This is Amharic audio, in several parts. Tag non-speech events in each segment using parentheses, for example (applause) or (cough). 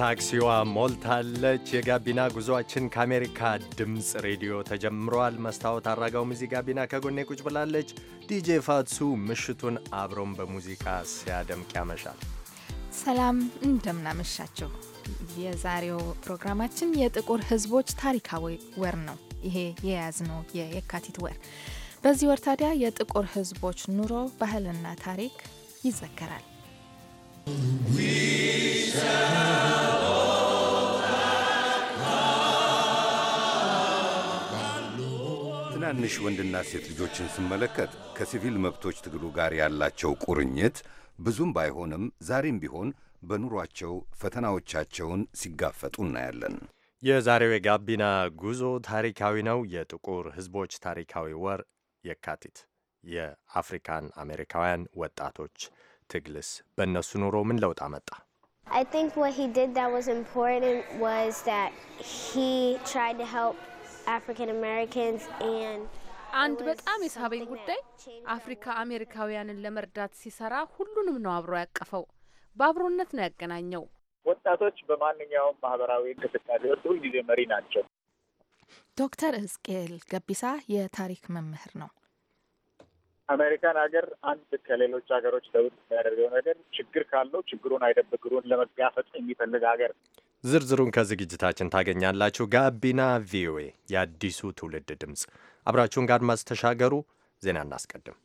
ታክሲዋ ሞልታለች። የጋቢና ጉዞአችን ከአሜሪካ ድምፅ ሬዲዮ ተጀምሯል። መስታወት አድራጋው እዚህ ጋቢና ከጎኔ ቁጭ ብላለች። ዲጄ ፋትሱ ምሽቱን አብሮን በሙዚቃ ሲያደምቅ ያመሻል። ሰላም እንደምናመሻቸው። የዛሬው ፕሮግራማችን የጥቁር ሕዝቦች ታሪካዊ ወር ነው። ይሄ የያዝነው የየካቲት ወር። በዚህ ወር ታዲያ የጥቁር ሕዝቦች ኑሮ፣ ባህልና ታሪክ ይዘከራል። We shall ትናንሽ ወንድና ሴት ልጆችን ስመለከት ከሲቪል መብቶች ትግሉ ጋር ያላቸው ቁርኝት ብዙም ባይሆንም ዛሬም ቢሆን በኑሯቸው ፈተናዎቻቸውን ሲጋፈጡ እናያለን። የዛሬው የጋቢና ጉዞ ታሪካዊ ነው። የጥቁር ሕዝቦች ታሪካዊ ወር የካቲት የአፍሪካን አሜሪካውያን ወጣቶች ትግልስ በእነሱ ኑሮ ምን ለውጥ አመጣ? I think what he did that was important was that he tried to help አንድ በጣም የሳበኝ ጉዳይ አፍሪካ አሜሪካውያንን ለመርዳት ሲሰራ ሁሉንም ነው አብሮ ያቀፈው። በአብሮነት ነው ያገናኘው። ወጣቶች በማንኛውም ማህበራዊ እንቅስቃሴ ውስጥ ሁልጊዜ መሪ ናቸው። ዶክተር ሕዝቅኤል ገቢሳ የታሪክ መምህር ነው። አሜሪካን ሀገር አንድ ከሌሎች ሀገሮች ለውጥ የሚያደርገው ነገር ችግር ካለው ችግሩን አይደብግሩን ለመጋፈጥ የሚፈልግ ሀገር ዝርዝሩን ከዝግጅታችን ታገኛላችሁ። ጋቢና ቪኦኤ የአዲሱ ትውልድ ድምፅ፣ አብራችሁን ከአድማስ ተሻገሩ። ዜና እናስቀድም።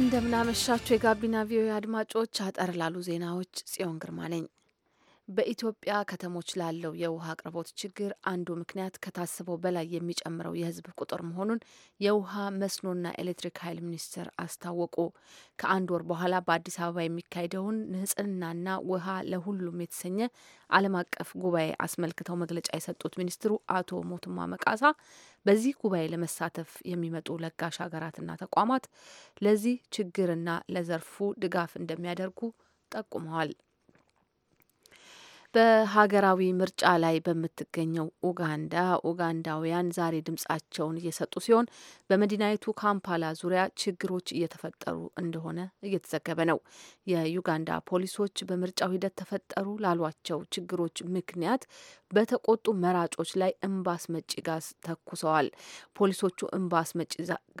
እንደምናመሻችሁ የጋቢና ቪኦኤ አድማጮች፣ አጠር ላሉ ዜናዎች ጽዮን ግርማ ነኝ። በኢትዮጵያ ከተሞች ላለው የውሃ አቅርቦት ችግር አንዱ ምክንያት ከታስበው በላይ የሚጨምረው የሕዝብ ቁጥር መሆኑን የውሃ መስኖና ኤሌክትሪክ ኃይል ሚኒስቴር አስታወቁ። ከአንድ ወር በኋላ በአዲስ አበባ የሚካሄደውን ንጽህናና ውሃ ለሁሉም የተሰኘ ዓለም አቀፍ ጉባኤ አስመልክተው መግለጫ የሰጡት ሚኒስትሩ አቶ ሞቱማ መቃሳ በዚህ ጉባኤ ለመሳተፍ የሚመጡ ለጋሽ ሀገራትና ተቋማት ለዚህ ችግርና ለዘርፉ ድጋፍ እንደሚያደርጉ ጠቁመዋል። በሀገራዊ ምርጫ ላይ በምትገኘው ኡጋንዳ ኡጋንዳውያን ዛሬ ድምጻቸውን እየሰጡ ሲሆን በመዲናይቱ ካምፓላ ዙሪያ ችግሮች እየተፈጠሩ እንደሆነ እየተዘገበ ነው። የዩጋንዳ ፖሊሶች በምርጫው ሂደት ተፈጠሩ ላሏቸው ችግሮች ምክንያት በተቆጡ መራጮች ላይ እምባስ መጪ ጋዝ ተኩሰዋል። ፖሊሶቹ እምባስ መጪ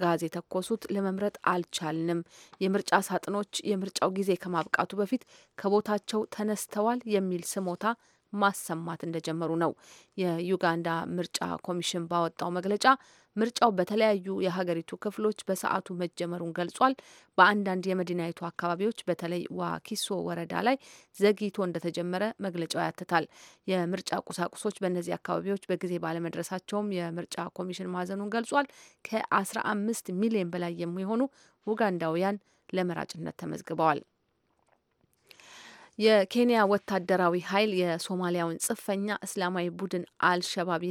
ጋዝ የተኮሱት ለመምረጥ አልቻልንም፣ የምርጫ ሳጥኖች የምርጫው ጊዜ ከማብቃቱ በፊት ከቦታቸው ተነስተዋል የሚል ስሞ ቦታ ማሰማት እንደጀመሩ ነው። የዩጋንዳ ምርጫ ኮሚሽን ባወጣው መግለጫ ምርጫው በተለያዩ የሀገሪቱ ክፍሎች በሰዓቱ መጀመሩን ገልጿል። በአንዳንድ የመዲናይቱ አካባቢዎች በተለይ ዋኪሶ ወረዳ ላይ ዘግይቶ እንደተጀመረ መግለጫው ያትታል። የምርጫ ቁሳቁሶች በእነዚህ አካባቢዎች በጊዜ ባለመድረሳቸውም የምርጫ ኮሚሽን ማዘኑን ገልጿል። ከአስራ አምስት ሚሊዮን በላይ የሚሆኑ ኡጋንዳውያን ለመራጭነት ተመዝግበዋል። የኬንያ ወታደራዊ ኃይል የሶማሊያውን ጽንፈኛ እስላማዊ ቡድን አልሸባብ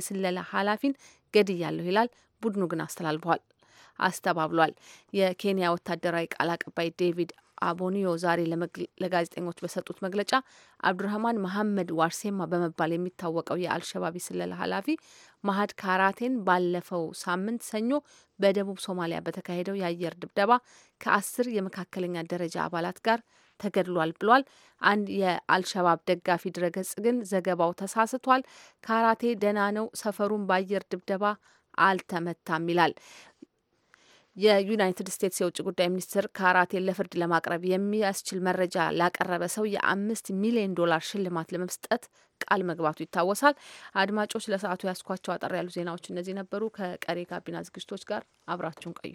የስለላ ኃላፊን ገድያለሁ ይላል። ቡድኑ ግን አስተላልፏል አስተባብሏል። የኬንያ ወታደራዊ ቃል አቀባይ ዴቪድ አቦኒዮ ዛሬ ለጋዜጠኞች በሰጡት መግለጫ አብዱራህማን መሐመድ ዋርሴማ በመባል የሚታወቀው የአልሸባብ የስለላ ኃላፊ ማሀድ ካራቴን ባለፈው ሳምንት ሰኞ በደቡብ ሶማሊያ በተካሄደው የአየር ድብደባ ከአስር የመካከለኛ ደረጃ አባላት ጋር ተገድሏል ብሏል። አንድ የአልሸባብ ደጋፊ ድረገጽ ግን ዘገባው ተሳስቷል፣ ካራቴ ደህና ነው፣ ሰፈሩን በአየር ድብደባ አልተመታም ይላል። የዩናይትድ ስቴትስ የውጭ ጉዳይ ሚኒስትር ካራቴን ለፍርድ ለማቅረብ የሚያስችል መረጃ ላቀረበ ሰው የአምስት ሚሊዮን ዶላር ሽልማት ለመስጠት ቃል መግባቱ ይታወሳል። አድማጮች፣ ለሰዓቱ ያስኳቸው አጠር ያሉ ዜናዎች እነዚህ ነበሩ። ከቀሪ ጋቢና ዝግጅቶች ጋር አብራችሁን ቆዩ።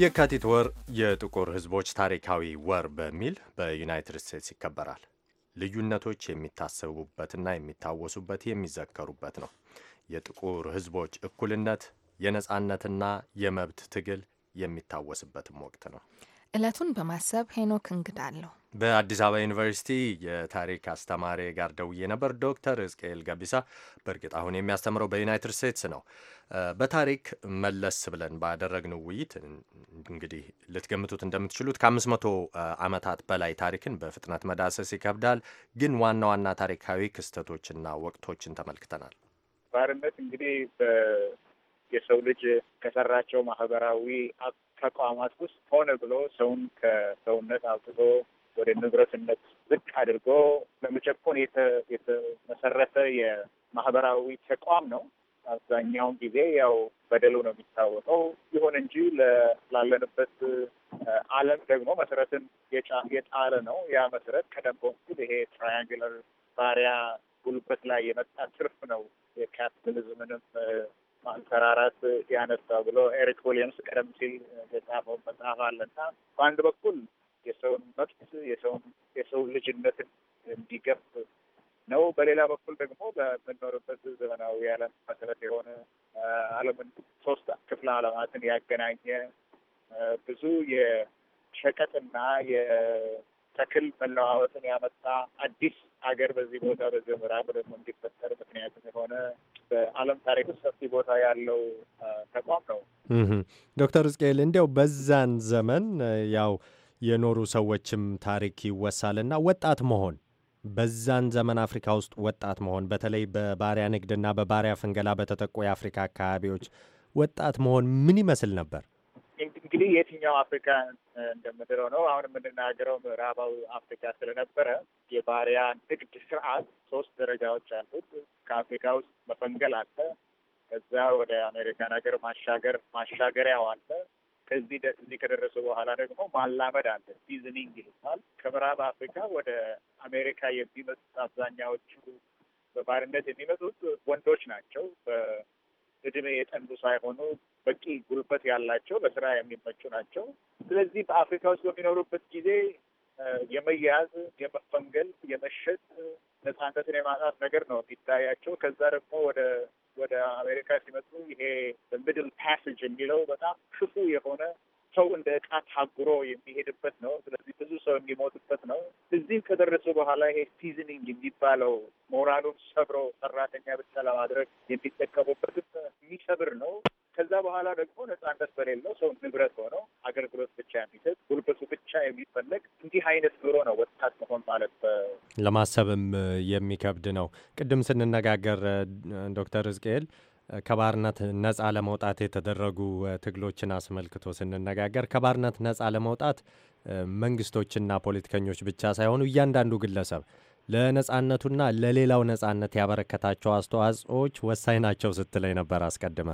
የካቲት ወር የጥቁር ሕዝቦች ታሪካዊ ወር በሚል በዩናይትድ ስቴትስ ይከበራል። ልዩነቶች የሚታሰቡበትና የሚታወሱበት የሚዘከሩበት ነው። የጥቁር ሕዝቦች እኩልነት፣ የነጻነትና የመብት ትግል የሚታወስበትም ወቅት ነው። ዕለቱን በማሰብ ሄኖክ እንግዳለሁ። በአዲስ አበባ ዩኒቨርሲቲ የታሪክ አስተማሪ ጋር ደውዬ ነበር። ዶክተር ሕዝቅኤል ገቢሳ በእርግጥ አሁን የሚያስተምረው በዩናይትድ ስቴትስ ነው። በታሪክ መለስ ብለን ባደረግነው ውይይት እንግዲህ ልትገምቱት እንደምትችሉት ከአምስት መቶ ዓመታት በላይ ታሪክን በፍጥነት መዳሰስ ይከብዳል። ግን ዋና ዋና ታሪካዊ ክስተቶችና ወቅቶችን ተመልክተናል። ባርነት እንግዲህ የሰው ልጅ ከሰራቸው ማህበራዊ ተቋማት ውስጥ ሆነ ብሎ ሰውን ከሰውነት አውጥቶ ወደ ንብረትነት ዝቅ አድርጎ ለመጨቆን የተመሰረተ የማህበራዊ ተቋም ነው። አብዛኛውን ጊዜ ያው በደሉ ነው የሚታወቀው። ይሁን እንጂ ላለንበት ዓለም ደግሞ መሰረትን የጣለ ነው። ያ መሰረት ቀደም በፊል ይሄ ትራያንግለር ባሪያ ጉልበት ላይ የመጣ ትርፍ ነው የካፒታሊዝምንም ማንሰራራት ያነሳው ብሎ ኤሪክ ዊሊያምስ ቀደም ሲል የጻፈው መጽሐፍ አለና በአንድ በኩል የሰውን መብት የሰውን ልጅነትን እንዲገፍ ነው። በሌላ በኩል ደግሞ በምንኖርበት ዘመናዊ ዓለም መሰረት የሆነ ዓለምን ሶስት ክፍለ ዓለማትን ያገናኘ ብዙ የሸቀጥና የተክል መለዋወጥን ያመጣ አዲስ አገር በዚህ ቦታ በዚህ ምዕራብ ደግሞ እንዲፈጠር ምክንያት የሆነ በዓለም ታሪክ ውስጥ ሰፊ ቦታ ያለው ተቋም ነው። ዶክተር ሕዝቅኤል እንዲያው በዛን ዘመን ያው የኖሩ ሰዎችም ታሪክ ይወሳልና ወጣት መሆን በዛን ዘመን አፍሪካ ውስጥ ወጣት መሆን በተለይ በባሪያ ንግድና በባሪያ ፍንገላ በተጠቁ የአፍሪካ አካባቢዎች ወጣት መሆን ምን ይመስል ነበር? እንግዲህ የትኛው አፍሪካ እንደምድረው ነው። አሁን የምንናገረው ምዕራባዊ አፍሪካ ስለነበረ የባሪያ ንግድ ስርዓት ሶስት ደረጃዎች አሉት። ከአፍሪካ ውስጥ መፈንገል አለ። ከዛ ወደ አሜሪካን ሀገር ማሻገር ማሻገሪያው አለ። ከዚህ እዚህ ከደረሱ በኋላ ደግሞ ማላመድ አለ። ሲዝኒንግ ይሉታል። ከምዕራብ አፍሪካ ወደ አሜሪካ የሚመጡት አብዛኛዎቹ በባርነት የሚመጡት ወንዶች ናቸው። በእድሜ የጠንዱ ሳይሆኑ በቂ ጉልበት ያላቸው በስራ የሚመቹ ናቸው። ስለዚህ በአፍሪካ ውስጥ በሚኖሩበት ጊዜ የመያዝ፣ የመፈንገል፣ የመሸጥ ነፃነትን የማጣት ነገር ነው የሚታያቸው። ከዛ ደግሞ ወደ ወደ አሜሪካ ሲመጡ ይሄ በሚድል ፓሴጅ የሚለው በጣም ክፉ የሆነ ሰው እንደ እቃ ታጉሮ የሚሄድበት ነው። ስለዚህ ብዙ ሰው የሚሞትበት ነው። እዚህም ከደረሱ በኋላ ይሄ ሲዝኒንግ የሚባለው ሞራሉን ሰብሮ ሰራተኛ ብቻ ለማድረግ የሚጠቀሙበትም የሚሰብር ነው። ከዛ በኋላ ደግሞ ነጻነት በሌለው ሰው ንብረት ሆነው አገልግሎት ብቻ የሚሰጥ ጉልበቱ ብቻ የሚፈለግ እንዲህ አይነት ኑሮ ነው ወጣት መሆን ማለት ለማሰብም የሚከብድ ነው። ቅድም ስንነጋገር ዶክተር እዝቅኤል ከባርነት ነጻ ለመውጣት የተደረጉ ትግሎችን አስመልክቶ ስንነጋገር ከባርነት ነጻ ለመውጣት መንግስቶችና ፖለቲከኞች ብቻ ሳይሆኑ እያንዳንዱ ግለሰብ ለነጻነቱና ለሌላው ነጻነት ያበረከታቸው አስተዋጽኦዎች ወሳኝ ናቸው ስትለኝ ነበር አስቀድመ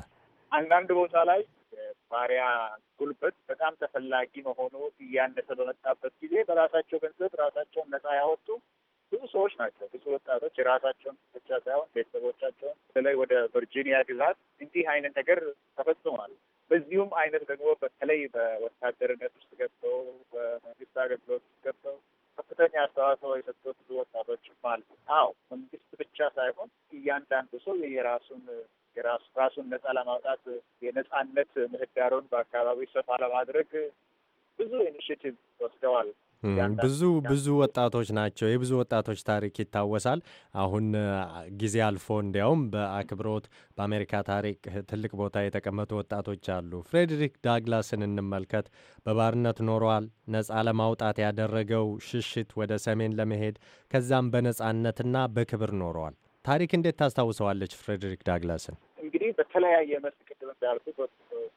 አንዳንድ ቦታ ላይ ባሪያ ጉልበት በጣም ተፈላጊ መሆኑ እያነሰ በመጣበት ጊዜ በራሳቸው ገንዘብ ራሳቸውን ነጻ ያወጡ ብዙ ሰዎች ናቸው። ብዙ ወጣቶች የራሳቸውን ብቻ ሳይሆን ቤተሰቦቻቸውን በተለይ ወደ ቨርጂኒያ ግዛት እንዲህ አይነት ነገር ተፈጽሟል። በዚሁም አይነት ደግሞ በተለይ በወታደርነት ውስጥ ገብተው በመንግስት አገልግሎት ውስጥ ገብተው ከፍተኛ አስተዋጽኦ የሰጡት ብዙ ወጣቶችም አሉ። አዎ መንግስት ብቻ ሳይሆን እያንዳንዱ ሰው የራሱን ራሱን ነጻ ለማውጣት የነጻነት ምህዳሩን በአካባቢ ሰፋ ለማድረግ ብዙ ኢኒሽቲቭ ወስደዋል። ብዙ ብዙ ወጣቶች ናቸው። የብዙ ወጣቶች ታሪክ ይታወሳል። አሁን ጊዜ አልፎ እንዲያውም በአክብሮት በአሜሪካ ታሪክ ትልቅ ቦታ የተቀመጡ ወጣቶች አሉ። ፍሬድሪክ ዳግላስን እንመልከት። በባርነት ኖሯል። ነፃ ለማውጣት ያደረገው ሽሽት ወደ ሰሜን ለመሄድ ከዛም በነፃነትና በክብር ኖረዋል። ታሪክ እንዴት ታስታውሰዋለች ፍሬድሪክ ዳግላስን? እንግዲህ በተለያየ መስክ ቅድም እንዳልኩት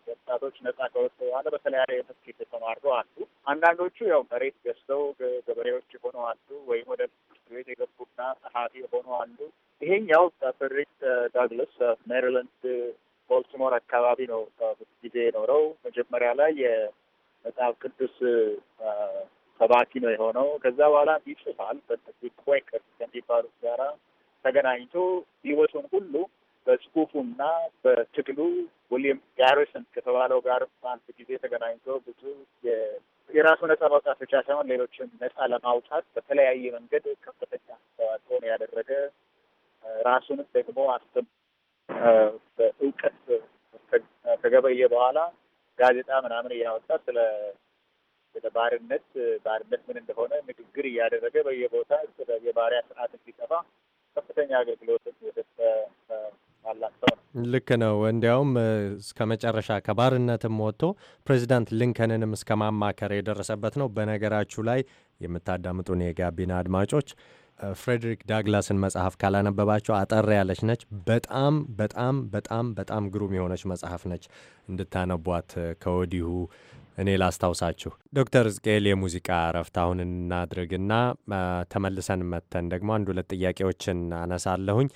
ወጣቶች ነጻ ከወጡ በኋላ በተለያየ መስክ የተሰማሩ አሉ። አንዳንዶቹ ያው መሬት ገዝተው ገበሬዎች የሆኑ አሉ፣ ወይም ወደ ትምህርት ቤት የገቡና ጸሐፊ የሆኑ አሉ። ይሄኛው ፍሬድሪክ ዳግላስ ሜሪላንድ ቦልቲሞር አካባቢ ነው ጊዜ የኖረው። መጀመሪያ ላይ የመጽሐፍ ቅዱስ ሰባኪ ነው የሆነው። ከዛ በኋላ ይጽፋል በነዚህ ኩዌከርስ ከሚባሉት ጋራ ተገናኝቶ ህይወቱን ሁሉ በጽሁፉና በትግሉ ዊሊየም ጋሪሰን ከተባለው ጋር በአንድ ጊዜ ተገናኝቶ ብዙ የራሱ ነጻ ማውጣት ብቻ ሳይሆን ሌሎችን ነጻ ለማውጣት በተለያየ መንገድ ከፍተኛ አስተዋጽኦ ያደረገ ራሱንም ደግሞ አስብ በእውቀት ከገበየ በኋላ ጋዜጣ ምናምን እያወጣ ስለ ስለ ባርነት ባርነት ምን እንደሆነ ንግግር እያደረገ በየቦታ የባሪያ ስርዓት እንዲጠፋ ከፍተኛ አገልግሎት የሰጠ ልክ ነው። እንዲያውም እስከ መጨረሻ ከባርነትም ወጥቶ ፕሬዚዳንት ሊንከንንም እስከ ማማከር የደረሰበት ነው። በነገራችሁ ላይ የምታዳምጡን የጋቢና አድማጮች ፍሬድሪክ ዳግላስን መጽሐፍ ካላነበባቸው አጠር ያለች ነች። በጣም በጣም በጣም በጣም ግሩም የሆነች መጽሐፍ ነች። እንድታነቧት ከወዲሁ እኔ ላስታውሳችሁ ዶክተር ዝቅኤል የሙዚቃ እረፍት አሁን እናድርግና ተመልሰን መተን ደግሞ አንድ ሁለት ጥያቄዎችን አነሳለሁኝ።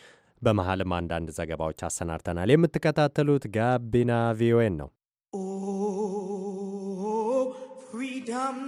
በመሀልም አንዳንድ ዘገባዎች አሰናድተናል። የምትከታተሉት ጋቢና ቪኦኤን ነው። ፍሪደም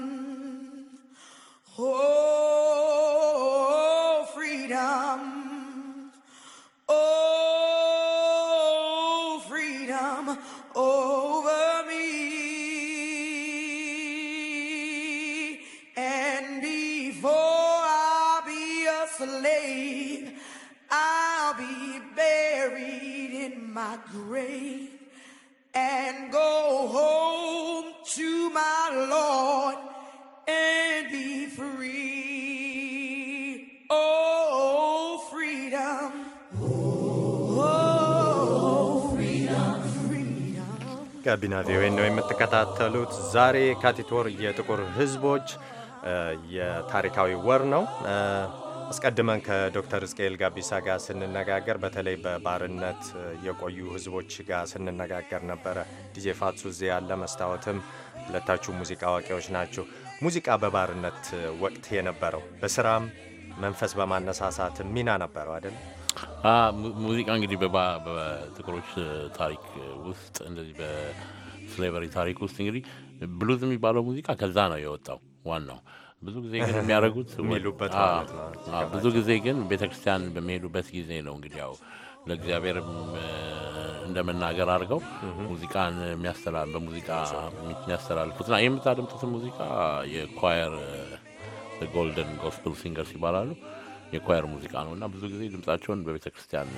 ጋቢና ቪኦኤ ነው የምትከታተሉት። ዛሬ የካቲት ወር የጥቁር ህዝቦች የታሪካዊ ወር ነው። አስቀድመን ከዶክተር ሕዝቅኤል ጋቢሳ ጋር ስንነጋገር በተለይ በባርነት የቆዩ ህዝቦች ጋር ስንነጋገር ነበረ። ዲጄ ፋትሱ እዚህ ያለ መስታወትም ሁለታችሁ ሙዚቃ አዋቂዎች ናችሁ። ሙዚቃ በባርነት ወቅት የነበረው በስራም መንፈስ በማነሳሳትም ሚና ነበረው አይደለም? ሙዚቃ እንግዲህ በጥቁሮች ታሪክ ውስጥ እንደዚህ በስሌቨሪ ታሪክ ውስጥ እንግዲህ ብሉዝ የሚባለው ሙዚቃ ከዛ ነው የወጣው ዋናው። ብዙ ጊዜ ግን (laughs) የሚያደርጉት ብዙ ጊዜ ግን ቤተክርስቲያን በሚሄዱበት ጊዜ ነው እንግዲህ ያው ለእግዚአብሔር እንደ መናገር አድርገው ሙዚቃን በሙዚቃ ና የምታደምጡትን ሙዚቃ የኳየር ጎልደን ጎስፕል ሲንገርስ ይባላሉ። የኳየር ሙዚቃ ነው እና ብዙ ጊዜ ድምጻቸውን በቤተ ክርስቲያን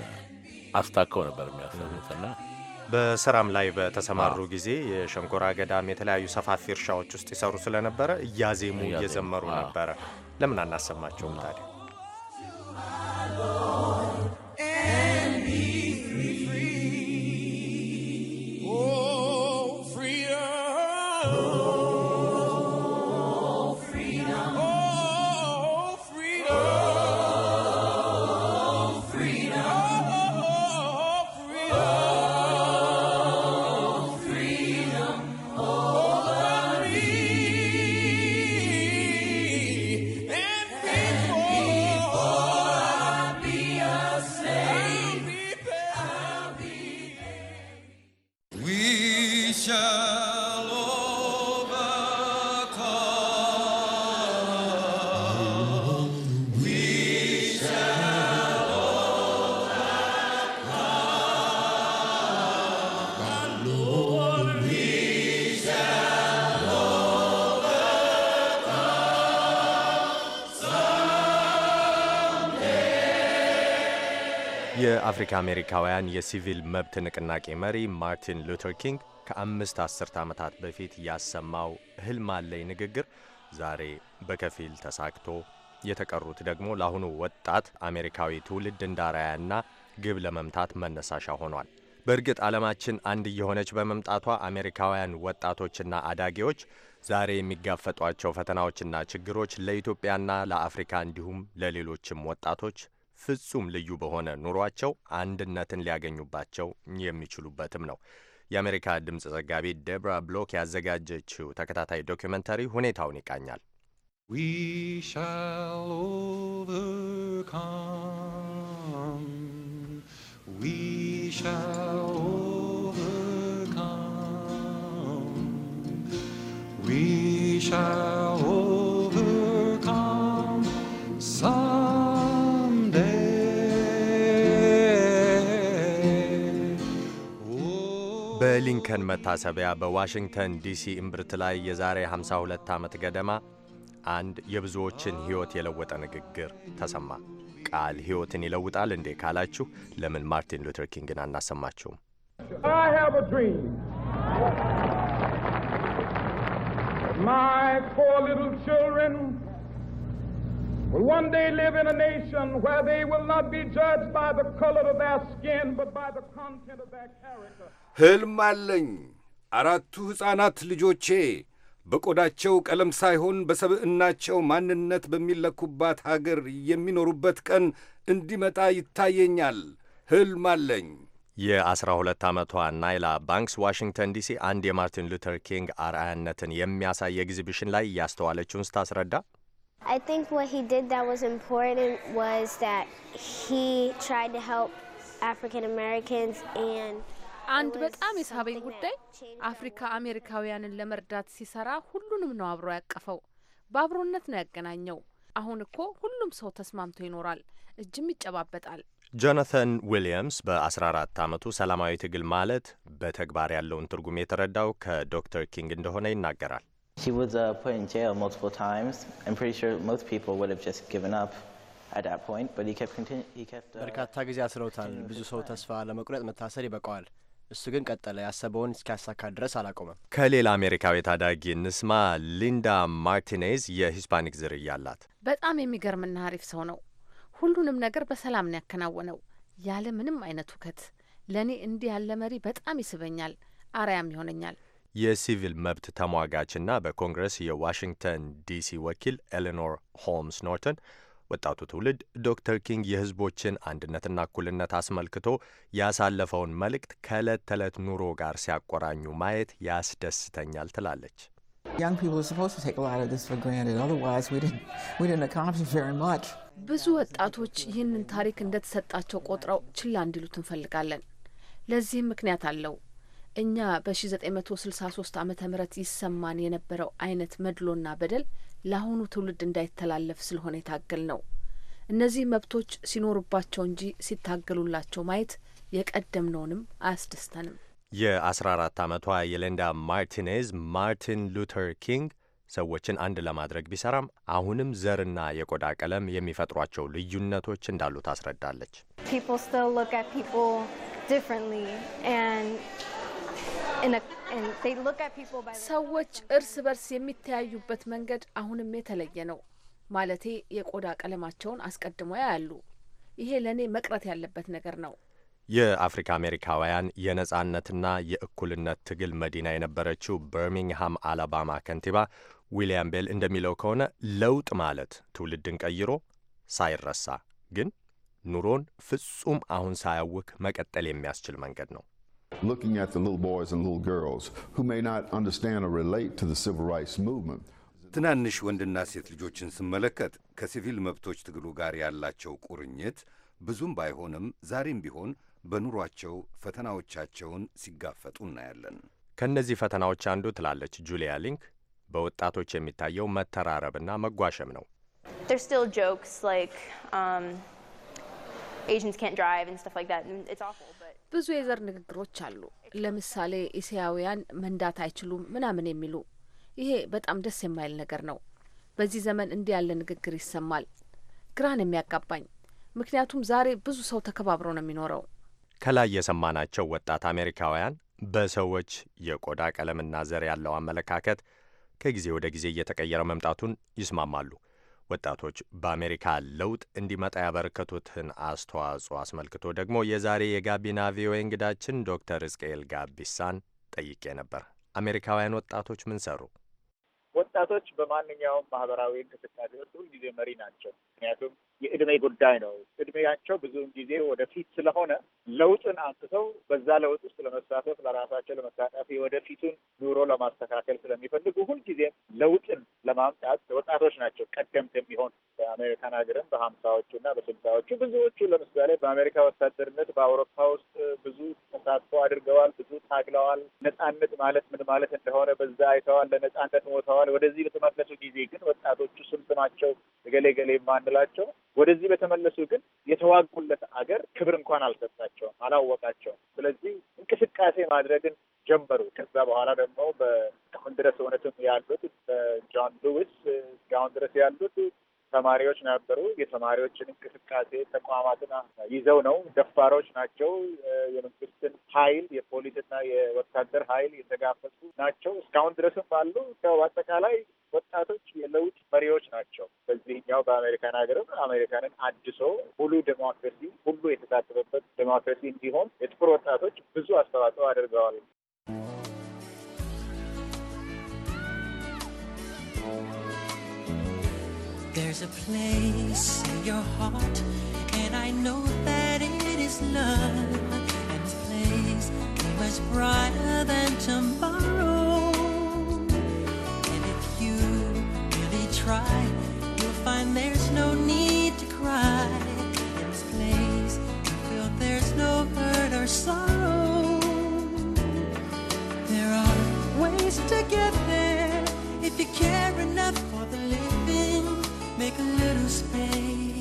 አስታከው ነበር የሚያሰሩት እና በስራም ላይ በተሰማሩ ጊዜ የሸንኮራ ገዳም የተለያዩ ሰፋፊ እርሻዎች ውስጥ ይሰሩ ስለነበረ እያዜሙ እየዘመሩ ነበረ። ለምን አናሰማቸውም ታዲያ? የአፍሪካ አሜሪካውያን የሲቪል መብት ንቅናቄ መሪ ማርቲን ሉተር ኪንግ ከአምስት አስርተ ዓመታት በፊት ያሰማው ህልም አለኝ ንግግር ዛሬ በከፊል ተሳክቶ የተቀሩት ደግሞ ለአሁኑ ወጣት አሜሪካዊ ትውልድ እንዳራያና ግብ ለመምታት መነሳሻ ሆኗል። በእርግጥ ዓለማችን አንድ እየሆነች በመምጣቷ አሜሪካውያን ወጣቶችና አዳጊዎች ዛሬ የሚጋፈጧቸው ፈተናዎችና ችግሮች ለኢትዮጵያና ለአፍሪካ እንዲሁም ለሌሎችም ወጣቶች ፍጹም ልዩ በሆነ ኑሯቸው አንድነትን ሊያገኙባቸው የሚችሉበትም ነው። የአሜሪካ ድምፅ ዘጋቢ ደብራ ብሎክ ያዘጋጀችው ተከታታይ ዶኪመንታሪ ሁኔታውን ይቃኛል። We shall overcome. We shall overcome. We shall በሊንከን መታሰቢያ በዋሽንግተን ዲሲ እምብርት ላይ የዛሬ 52 ዓመት ገደማ አንድ የብዙዎችን ሕይወት የለወጠ ንግግር ተሰማ። ቃል ሕይወትን ይለውጣል እንዴ ካላችሁ ለምን ማርቲን ሉተር ኪንግን አናሰማችሁም? ሕልም አለኝ። አራቱ ሕፃናት ልጆቼ በቆዳቸው ቀለም ሳይሆን በሰብዕናቸው ማንነት በሚለኩባት ሀገር የሚኖሩበት ቀን እንዲመጣ ይታየኛል። ሕልም አለኝ። የ12 ዓመቷ ናይላ ባንክስ ዋሽንግተን ዲሲ አንድ የማርቲን ሉተር ኪንግ አርአያነትን የሚያሳይ ኤግዚቢሽን ላይ እያስተዋለችውን ስታስረዳ አንድ በጣም የሳበኝ ጉዳይ አፍሪካ አሜሪካውያንን ለመርዳት ሲሰራ ሁሉንም ነው አብሮ ያቀፈው። በአብሮነት ነው ያገናኘው። አሁን እኮ ሁሉም ሰው ተስማምቶ ይኖራል፣ እጅም ይጨባበጣል። ጆናታን ዊሊያምስ በ14 ዓመቱ ሰላማዊ ትግል ማለት በተግባር ያለውን ትርጉም የተረዳው ከዶክተር ኪንግ እንደሆነ ይናገራል። uh, uh, በርካታ ጊዜ አስረውታል። ብዙ ሰው ተስፋ ለመቁረጥ መታሰር ይበቃዋል። እሱ ግን ቀጠለ። ያሰበውን እስኪያሳካ ድረስ አላቆመም። ከሌላ አሜሪካዊ ታዳጊ እንስማ። ሊንዳ ማርቲኔዝ የሂስፓኒክ ዝርያ አላት። በጣም የሚገርምና አሪፍ ሰው ነው። ሁሉንም ነገር በሰላም ነው ያከናወነው ያለ ምንም አይነት ውከት። ለእኔ እንዲህ ያለ መሪ በጣም ይስበኛል፣ አርያም ይሆነኛል። የሲቪል መብት ተሟጋችና በኮንግረስ የዋሽንግተን ዲሲ ወኪል ኤሌኖር ሆልምስ ኖርተን ወጣቱ ትውልድ ዶክተር ኪንግ የህዝቦችን አንድነትና እኩልነት አስመልክቶ ያሳለፈውን መልእክት ከዕለት ተዕለት ኑሮ ጋር ሲያቆራኙ ማየት ያስደስተኛል ትላለች። ብዙ ወጣቶች ይህንን ታሪክ እንደተሰጣቸው ቆጥረው ችላ እንዲሉት እንፈልጋለን። ለዚህም ምክንያት አለው። እኛ በ1963 ዓ ም ይሰማን የነበረው አይነት መድሎና በደል ለአሁኑ ትውልድ እንዳይተላለፍ ስለሆነ የታገል ነው። እነዚህ መብቶች ሲኖሩባቸው እንጂ ሲታገሉላቸው ማየት የቀደምነውንም አያስደስተንም። የ14 ዓመቷ የሌንዳ ማርቲኔዝ ማርቲን ሉተር ኪንግ ሰዎችን አንድ ለማድረግ ቢሰራም አሁንም ዘርና የቆዳ ቀለም የሚፈጥሯቸው ልዩነቶች እንዳሉ ታስረዳለች። ሰዎች እርስ በርስ የሚተያዩበት መንገድ አሁንም የተለየ ነው። ማለቴ የቆዳ ቀለማቸውን አስቀድሞ ያያሉ። ይሄ ለእኔ መቅረት ያለበት ነገር ነው። የአፍሪካ አሜሪካውያን የነጻነትና የእኩልነት ትግል መዲና የነበረችው በርሚንግሃም አላባማ ከንቲባ ዊልያም ቤል እንደሚለው ከሆነ ለውጥ ማለት ትውልድን ቀይሮ ሳይረሳ ግን ኑሮን ፍጹም አሁን ሳያውክ መቀጠል የሚያስችል መንገድ ነው። looking at the little boys and little girls who may not understand or relate to the civil rights movement. ትናንሽ ወንድና ሴት ልጆችን ስመለከት ከሲቪል መብቶች ትግሉ ጋር ያላቸው ቁርኝት ብዙም ባይሆንም ዛሬም ቢሆን በኑሯቸው ፈተናዎቻቸውን ሲጋፈጡ እናያለን። ከእነዚህ ፈተናዎች አንዱ ትላለች ጁሊያ ሊንክ በወጣቶች የሚታየው መተራረብና መጓሸም ነው። ብዙ የዘር ንግግሮች አሉ። ለምሳሌ እስያውያን መንዳት አይችሉም ምናምን የሚሉ ይሄ በጣም ደስ የማይል ነገር ነው። በዚህ ዘመን እንዲህ ያለ ንግግር ይሰማል፣ ግራን የሚያጋባኝ ምክንያቱም ዛሬ ብዙ ሰው ተከባብሮ ነው የሚኖረው። ከላይ የሰማናቸው ወጣት አሜሪካውያን በሰዎች የቆዳ ቀለምና ዘር ያለው አመለካከት ከጊዜ ወደ ጊዜ እየተቀየረ መምጣቱን ይስማማሉ። ወጣቶች በአሜሪካ ለውጥ እንዲመጣ ያበረከቱትን አስተዋጽኦ አስመልክቶ ደግሞ የዛሬ የጋቢና ቪኦኤ እንግዳችን ዶክተር ሕዝቅኤል ጋቢሳን ጠይቄ ነበር። አሜሪካውያን ወጣቶች ምን ሰሩ? ወጣቶች በማንኛውም ማህበራዊ እንቅስቃሴ ውስጥ ሁልጊዜ መሪ ናቸው። ምክንያቱም የእድሜ ጉዳይ ነው። እድሜያቸው ብዙውን ጊዜ ወደፊት ስለሆነ ለውጥን አንስተው በዛ ለውጥ ውስጥ ለመሳተፍ ለራሳቸው ለመሳተፍ የወደፊቱን ኑሮ ለማስተካከል ስለሚፈልጉ ሁልጊዜም ለውጥን ለማምጣት ወጣቶች ናቸው ቀደም ተናግረን በሀምሳዎቹ እና በስልሳዎቹ ብዙዎቹ ለምሳሌ በአሜሪካ ወታደርነት በአውሮፓ ውስጥ ብዙ ተሳትፎ አድርገዋል፣ ብዙ ታግለዋል። ነጻነት ማለት ምን ማለት እንደሆነ በዛ አይተዋል፣ ለነጻነት ሞተዋል። ወደዚህ በተመለሱ ጊዜ ግን ወጣቶቹ ስም ስማቸው እገሌ ገሌ የማንላቸው ወደዚህ በተመለሱ ግን የተዋጉለት አገር ክብር እንኳን አልሰጣቸውም፣ አላወቃቸውም። ስለዚህ እንቅስቃሴ ማድረግን ጀመሩ። ከዛ በኋላ ደግሞ በእስካሁን ድረስ እውነትም ያሉት በጆን ሉዊስ እስካሁን ድረስ ያሉት ተማሪዎች ነበሩ። የተማሪዎችን እንቅስቃሴ ተቋማትን ይዘው ነው። ደፋሮች ናቸው። የመንግስትን ኃይል የፖሊስና የወታደር ኃይል የተጋፈጡ ናቸው። እስካሁን ድረስም ባሉ በአጠቃላይ ወጣቶች የለውጥ መሪዎች ናቸው። በዚህኛው በአሜሪካን ሀገርም አሜሪካንን አድሶ ሙሉ ዴሞክራሲ ሁሉ የተሳተፈበት ዴሞክራሲ እንዲሆን የጥቁር ወጣቶች ብዙ አስተዋጽኦ አድርገዋል። a place in your heart, and I know that it is love. And this place be much brighter than tomorrow. And if you really try, you'll find there's no need to cry. In this place, you feel there's no hurt or sorrow. There are ways to get there if you care enough make a little space.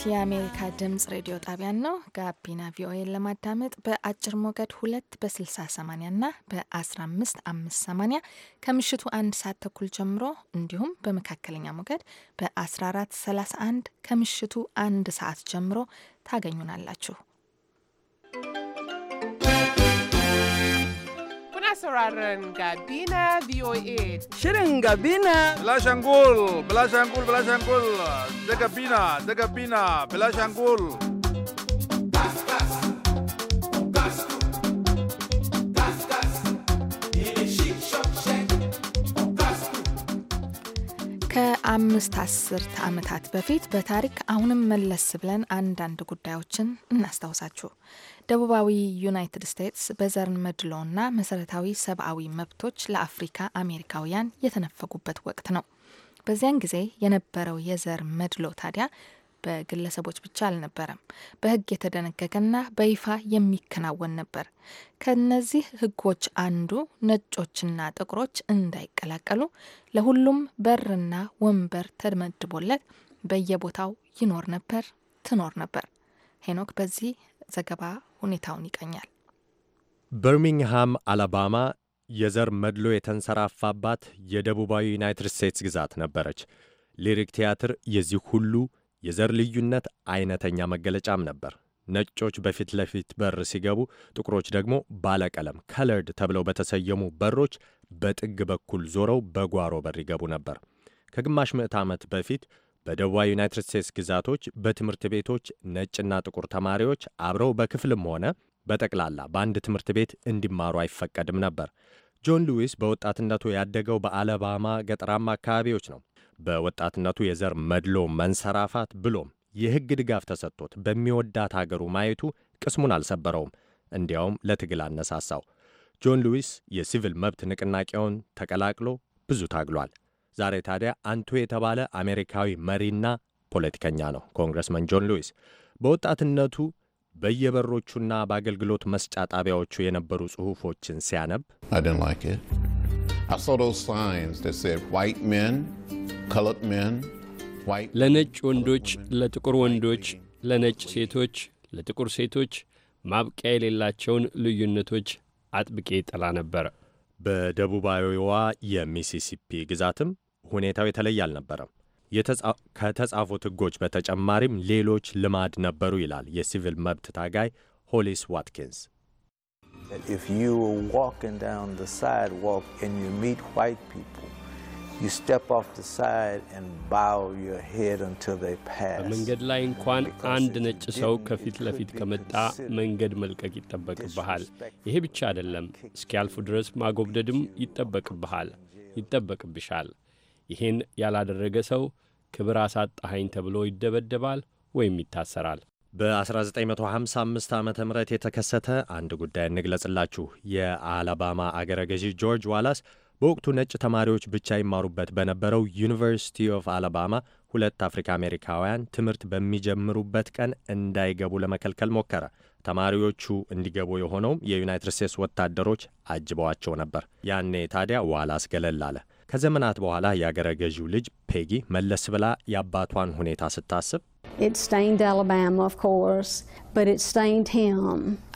ይህ የአሜሪካ ድምጽ ሬዲዮ ጣቢያን ነው። ጋቢና ቪኦኤን ለማዳመጥ በአጭር ሞገድ ሁለት በ6080 እና በ15580 ከምሽቱ አንድ ሰዓት ተኩል ጀምሮ እንዲሁም በመካከለኛ ሞገድ በ1431 ከምሽቱ አንድ ሰዓት ጀምሮ ታገኙናላችሁ። Kuna sauraron Gabina VOA. Shirin Gabina. Belashangul, Belashangul, Belashangul. Da Gabina, da Gabina, Belashangul. ከአምስት አስርት ዓመታት በፊት በታሪክ አሁንም መለስ ብለን አንዳንድ ጉዳዮችን እናስታውሳችሁ። ደቡባዊ ዩናይትድ ስቴትስ በዘር መድሎና መሰረታዊ ሰብአዊ መብቶች ለአፍሪካ አሜሪካውያን የተነፈጉበት ወቅት ነው። በዚያን ጊዜ የነበረው የዘር መድሎ ታዲያ በግለሰቦች ብቻ አልነበረም። በህግ የተደነገገና በይፋ የሚከናወን ነበር። ከነዚህ ህጎች አንዱ ነጮችና ጥቁሮች እንዳይቀላቀሉ ለሁሉም በርና ወንበር ተመድቦለት በየቦታው ይኖር ነበር፣ ትኖር ነበር። ሄኖክ በዚህ ዘገባ ሁኔታውን ይቀኛል። በርሚንግሃም አላባማ የዘር መድሎ የተንሰራፋባት የደቡባዊ ዩናይትድ ስቴትስ ግዛት ነበረች። ሊሪክ ቲያትር የዚህ ሁሉ የዘር ልዩነት አይነተኛ መገለጫም ነበር። ነጮች በፊት ለፊት በር ሲገቡ፣ ጥቁሮች ደግሞ ባለቀለም ከለርድ ተብለው በተሰየሙ በሮች በጥግ በኩል ዞረው በጓሮ በር ይገቡ ነበር። ከግማሽ ምዕት ዓመት በፊት በደቡባዊ ዩናይትድ ስቴትስ ግዛቶች በትምህርት ቤቶች ነጭና ጥቁር ተማሪዎች አብረው በክፍልም ሆነ በጠቅላላ በአንድ ትምህርት ቤት እንዲማሩ አይፈቀድም ነበር። ጆን ሉዊስ በወጣትነቱ ያደገው በአለባማ ገጠራማ አካባቢዎች ነው። በወጣትነቱ የዘር መድሎ መንሰራፋት ብሎም የሕግ ድጋፍ ተሰጥቶት በሚወዳት አገሩ ማየቱ ቅስሙን አልሰበረውም፣ እንዲያውም ለትግል አነሳሳው። ጆን ሉዊስ የሲቪል መብት ንቅናቄውን ተቀላቅሎ ብዙ ታግሏል። ዛሬ ታዲያ አንቱ የተባለ አሜሪካዊ መሪና ፖለቲከኛ ነው። ኮንግረስመን ጆን ሉዊስ በወጣትነቱ በየበሮቹና በአገልግሎት መስጫ ጣቢያዎቹ የነበሩ ጽሑፎችን ሲያነብ ለነጭ ወንዶች፣ ለጥቁር ወንዶች፣ ለነጭ ሴቶች፣ ለጥቁር ሴቶች ማብቂያ የሌላቸውን ልዩነቶች አጥብቄ ጠላ ነበር። በደቡባዊዋ የሚሲሲፒ ግዛትም ሁኔታው የተለየ አልነበረም። ከተጻፉት ሕጎች በተጨማሪም ሌሎች ልማድ ነበሩ ይላል የሲቪል መብት ታጋይ ሆሊስ ዋትኪንስ። if you were walking down the sidewalk and you meet white people በመንገድ ላይ እንኳን አንድ ነጭ ሰው ከፊት ለፊት ከመጣ መንገድ መልቀቅ ይጠበቅብሃል። ይሄ ብቻ አይደለም፣ እስኪያልፉ ድረስ ማጎብደድም ይጠበቅብሃል ይጠበቅብሻል። ይህን ያላደረገ ሰው ክብር አሳጣኸኝ ተብሎ ይደበደባል ወይም ይታሰራል። በ1955 ዓ ም የተከሰተ አንድ ጉዳይ እንግለጽላችሁ። የአላባማ አገረ ገዢ ጆርጅ ዋላስ በወቅቱ ነጭ ተማሪዎች ብቻ ይማሩበት በነበረው ዩኒቨርሲቲ ኦፍ አላባማ ሁለት አፍሪካ አሜሪካውያን ትምህርት በሚጀምሩበት ቀን እንዳይገቡ ለመከልከል ሞከረ። ተማሪዎቹ እንዲገቡ የሆነውም የዩናይትድ ስቴትስ ወታደሮች አጅበዋቸው ነበር። ያኔ ታዲያ ዋላ አስገለል አለ። ከዘመናት በኋላ የአገረ ገዢው ልጅ ፔጊ መለስ ብላ የአባቷን ሁኔታ ስታስብ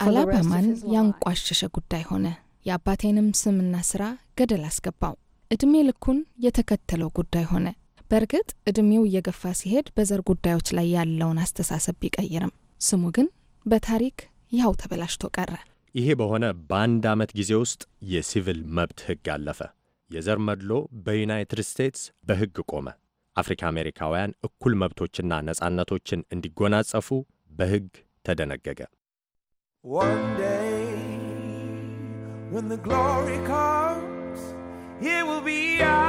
አላባማን ያንቋሸሸ ጉዳይ ሆነ። የአባቴንም ስምና ስራ ገደል አስገባው። እድሜ ልኩን የተከተለው ጉዳይ ሆነ። በእርግጥ እድሜው እየገፋ ሲሄድ በዘር ጉዳዮች ላይ ያለውን አስተሳሰብ ቢቀይርም ስሙ ግን በታሪክ ያው ተበላሽቶ ቀረ። ይሄ በሆነ በአንድ ዓመት ጊዜ ውስጥ የሲቪል መብት ሕግ አለፈ። የዘር መድሎ በዩናይትድ ስቴትስ በሕግ ቆመ። አፍሪካ አሜሪካውያን እኩል መብቶችና ነጻነቶችን እንዲጎናጸፉ በሕግ ተደነገገ። When the glory comes, it will be ours.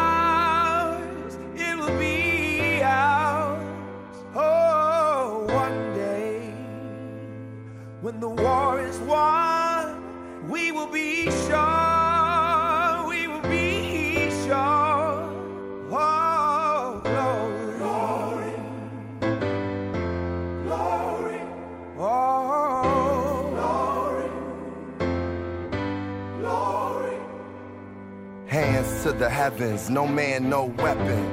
heavens, no man, no weapon.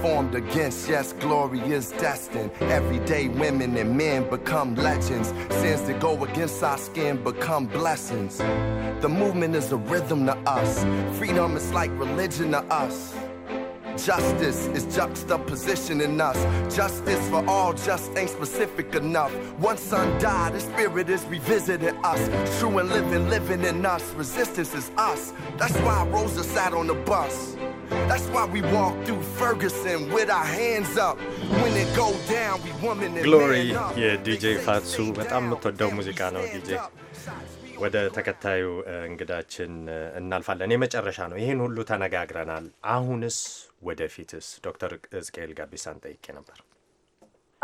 Formed against, yes, glory is destined. Everyday women and men become legends. Sins that go against our skin become blessings. The movement is a rhythm to us. Freedom is like religion to us. Justice is juxtapositioning us. Justice for all just ain't specific enough. One son died, his spirit is revisiting us. True and living, living in us. Resistance is us. That's why Rosa sat on the bus. That's why we walk through Ferguson with our hands up. When it go down, we woman and Glory የዲጄ ፋሱ በጣም የምትወደው ሙዚቃ ነው ዲጄ። ወደ ተከታዩ እንግዳችን እናልፋለን። የመጨረሻ ነው። ይህን ሁሉ ተነጋግረናል። አሁንስ ወደፊትስ? ዶክተር እዝቅኤል ጋቢሳን ጠይቄ ነበር።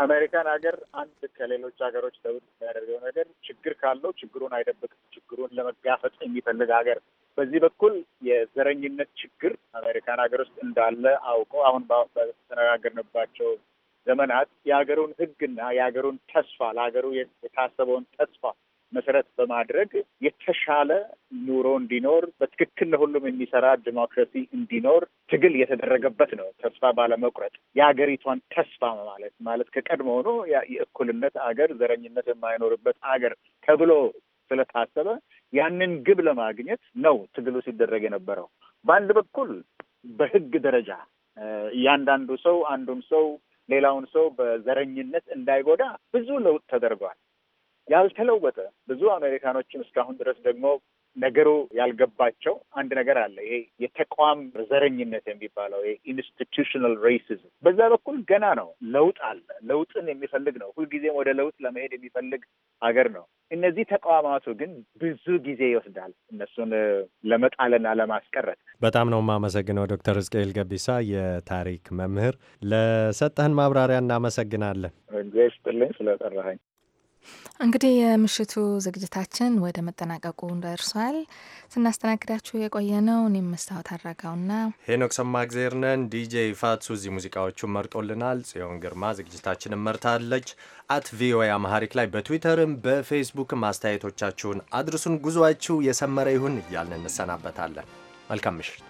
አሜሪካን ሀገር አንድ ከሌሎች ሀገሮች ለውጥ የሚያደርገው ነገር ችግር ካለው ችግሩን አይደብቅም። ችግሩን ለመጋፈጥ የሚፈልግ ሀገር በዚህ በኩል የዘረኝነት ችግር አሜሪካን ሀገር ውስጥ እንዳለ አውቆ አሁን በተነጋገርንባቸው ዘመናት የሀገሩን ሕግና የሀገሩን ተስፋ ለሀገሩ የታሰበውን ተስፋ መሰረት በማድረግ የተሻለ ኑሮ እንዲኖር በትክክል ለሁሉም የሚሰራ ዲሞክራሲ እንዲኖር ትግል የተደረገበት ነው። ተስፋ ባለመቁረጥ የሀገሪቷን ተስፋ ማለት ማለት ከቀድሞ ሆኖ የእኩልነት አገር ዘረኝነት የማይኖርበት አገር ተብሎ ስለታሰበ ያንን ግብ ለማግኘት ነው ትግሉ ሲደረግ የነበረው። በአንድ በኩል በህግ ደረጃ እያንዳንዱ ሰው አንዱን ሰው ሌላውን ሰው በዘረኝነት እንዳይጎዳ ብዙ ለውጥ ተደርጓል። ያልተለወጠ ብዙ አሜሪካኖችም እስካሁን ድረስ ደግሞ ነገሩ ያልገባቸው አንድ ነገር አለ። ይሄ የተቋም ዘረኝነት የሚባለው ኢንስቲቱሽናል ሬሲዝም በዛ በኩል ገና ነው። ለውጥ አለ። ለውጥን የሚፈልግ ነው። ሁልጊዜም ወደ ለውጥ ለመሄድ የሚፈልግ ሀገር ነው። እነዚህ ተቋማቱ ግን ብዙ ጊዜ ይወስዳል እነሱን ለመጣልና ለማስቀረት። በጣም ነው የማመሰግነው ዶክተር እዝቅኤል ገቢሳ የታሪክ መምህር፣ ለሰጠህን ማብራሪያ እናመሰግናለን። እግዚአብሔር ይስጥልኝ ስለጠራኸኝ። እንግዲህ የምሽቱ ዝግጅታችን ወደ መጠናቀቁ ደርሷል። ስናስተናግዳችሁ የቆየ ነው። እኔም መስታወት አድራጋውና ሄኖክ ሰማ ግዜርነን ዲጄ ፋትሱ እዚህ ሙዚቃዎቹን መርጦልናል። ጽዮን ግርማ ዝግጅታችንን መርታለች። አት ቪኦኤ አማሐሪክ ላይ በትዊተርም በፌስቡክም አስተያየቶቻችሁን አድርሱን። ጉዞአችሁ የሰመረ ይሁን እያልን እንሰናበታለን። መልካም ምሽት።